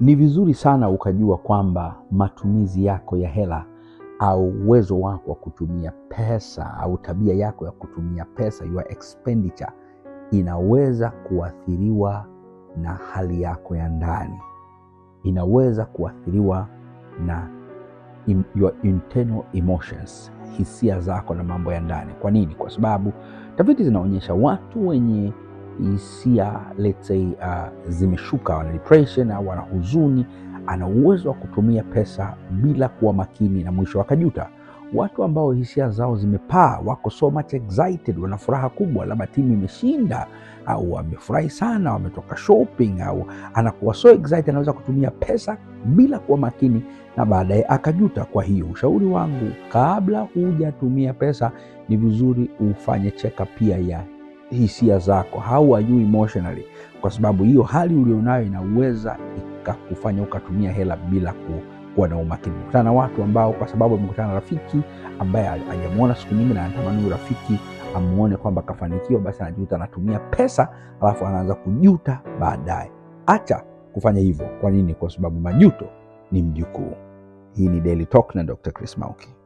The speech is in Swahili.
Ni vizuri sana ukajua kwamba matumizi yako ya hela au uwezo wako wa kutumia pesa au tabia yako ya kutumia pesa, your expenditure, inaweza kuathiriwa na hali yako ya ndani, inaweza kuathiriwa na your internal emotions, hisia zako na mambo ya ndani. Kwa nini? Kwa sababu tafiti zinaonyesha watu wenye hisia let's uh, zimeshuka, wana depression au wana huzuni, ana uwezo wa kutumia pesa bila kuwa makini na mwisho akajuta. Watu ambao hisia zao zimepaa, wako so much excited, wana furaha kubwa, labda timu imeshinda au wamefurahi sana, wametoka shopping au anakuwa so excited, anaweza kutumia pesa bila kuwa makini na baadaye akajuta. Kwa hiyo ushauri wangu, kabla hujatumia pesa, ni vizuri ufanye cheka pia ya hisia zako, how are you emotionally, kwa sababu hiyo hali ulionayo inaweza ikakufanya ukatumia hela bila ku kuwa na umakini. Kutana na watu ambao kwa sababu amekutana na rafiki ambaye ajamuona siku nyingi na anatamani huyu rafiki amuone kwamba kafanikiwa, basi anajuta, anatumia pesa alafu anaanza kujuta baadaye. Acha kufanya hivyo. Kwa nini? Kwa sababu majuto ni mjukuu. Hii ni Daily Talk na Dr. Chris Mauki.